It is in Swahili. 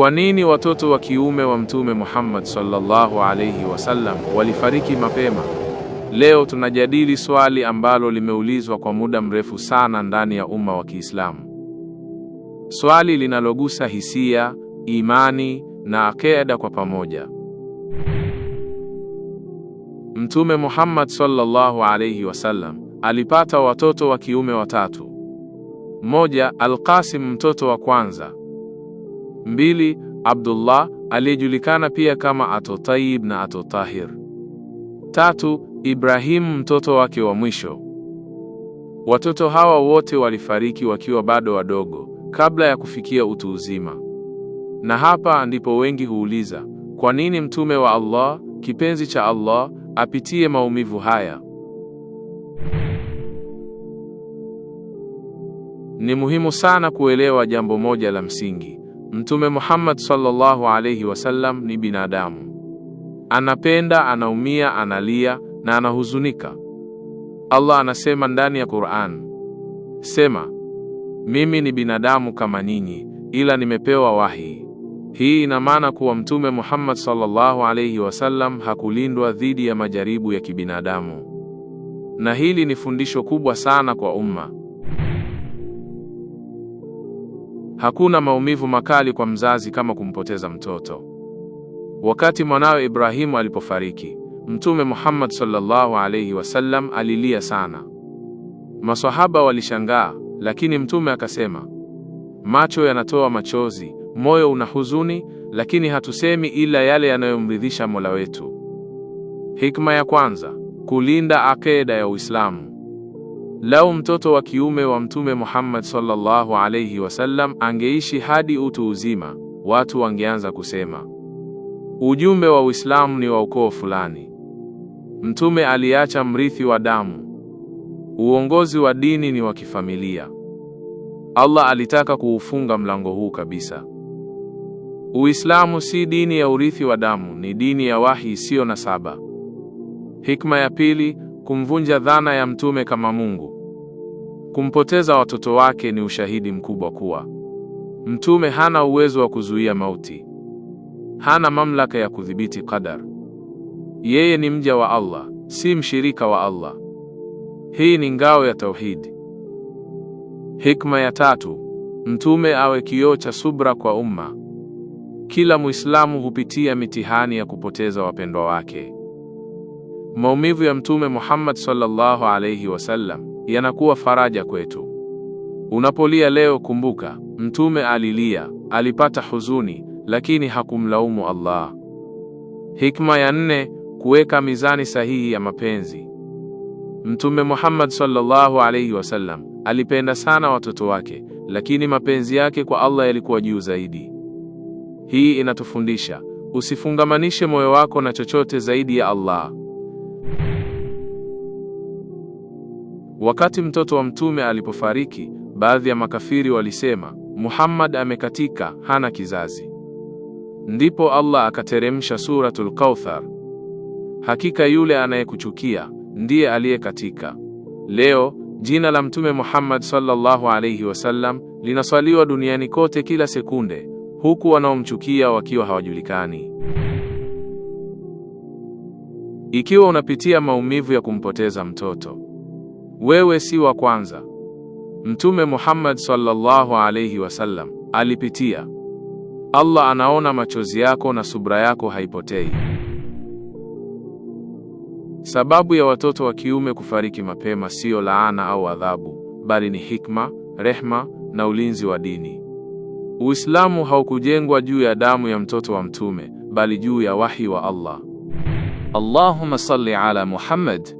Kwa nini watoto wa kiume wa Mtume Muhammad sallallahu alayhi wasallam walifariki mapema? Leo tunajadili swali ambalo limeulizwa kwa muda mrefu sana ndani ya umma wa Kiislamu, swali linalogusa hisia, imani na akeda kwa pamoja. Mtume Muhammad sallallahu alayhi wasallam alipata watoto wa kiume watatu. Al-Qasim mtoto wa kwanza Mbili, Abdullah aliyejulikana pia kama Atotayib na Atotahir. Tatu, Ibrahimu mtoto wake wa mwisho. Watoto hawa wote walifariki wakiwa bado wadogo kabla ya kufikia utu uzima. Na hapa ndipo wengi huuliza, kwa nini mtume wa Allah, kipenzi cha Allah, apitie maumivu haya? Ni muhimu sana kuelewa jambo moja la msingi. Mtume Muhammad sallallahu alayhi wasallam ni binadamu, anapenda, anaumia, analia na anahuzunika. Allah anasema ndani ya Qur'an, sema mimi ni binadamu kama nyinyi ila nimepewa wahi. Hii ina maana kuwa Mtume Muhammad sallallahu alayhi wasallam hakulindwa dhidi ya majaribu ya kibinadamu, na hili ni fundisho kubwa sana kwa umma. Hakuna maumivu makali kwa mzazi kama kumpoteza mtoto. Wakati mwanawe Ibrahimu alipofariki, Mtume Muhammad sallallahu alayhi wasallam alilia sana. Maswahaba walishangaa, lakini Mtume akasema, macho yanatoa machozi, moyo una huzuni, lakini hatusemi ila yale yanayomridhisha Mola wetu. Hikma ya kwanza: kulinda akeda ya Uislamu. Lau mtoto wa kiume wa Mtume Muhammad sallallahu alayhi wasallam angeishi hadi utu uzima, watu wangeanza kusema ujumbe wa Uislamu ni wa ukoo fulani. Mtume aliacha mrithi wa damu. Uongozi wa dini ni wa kifamilia. Allah alitaka kuufunga mlango huu kabisa. Uislamu si dini ya urithi wa damu, ni dini ya wahi isiyo na saba. Hikma ya pili kumvunja dhana ya mtume kama Mungu. Kumpoteza watoto wake ni ushahidi mkubwa kuwa mtume hana uwezo wa kuzuia mauti, hana mamlaka ya kudhibiti kadar Yeye ni mja wa Allah, si mshirika wa Allah. Hii ni ngao ya tauhidi. Hikma ya tatu, mtume awe kioo cha subra kwa umma. Kila Muislamu hupitia mitihani ya kupoteza wapendwa wake. Maumivu ya Mtume Muhammad sallallahu alayhi wasallam yanakuwa faraja kwetu. Unapolia leo, kumbuka Mtume alilia, alipata huzuni, lakini hakumlaumu Allah. Hikma ya nne: kuweka mizani sahihi ya mapenzi. Mtume Muhammad sallallahu alayhi wasallam alipenda sana watoto wake, lakini mapenzi yake kwa Allah yalikuwa juu zaidi. Hii inatufundisha usifungamanishe moyo wako na chochote zaidi ya Allah. Wakati mtoto wa mtume alipofariki, baadhi ya makafiri walisema Muhammad amekatika, hana kizazi. Ndipo Allah akateremsha Suratul Kauthar, hakika yule anayekuchukia ndiye aliyekatika. Leo jina la Mtume Muhammad sallallahu alayhi wasallam linaswaliwa duniani kote kila sekunde, huku wanaomchukia wakiwa hawajulikani. Ikiwa unapitia maumivu ya kumpoteza mtoto wewe si wa kwanza. Mtume Muhammad sallallahu alayhi wasallam alipitia. Allah anaona machozi yako na subra yako haipotei. Sababu ya watoto wa kiume kufariki mapema siyo laana au adhabu, bali ni hikma, rehma na ulinzi wa dini. Uislamu haukujengwa juu ya damu ya mtoto wa mtume, bali juu ya wahi wa Allah. Allahumma salli ala Muhammad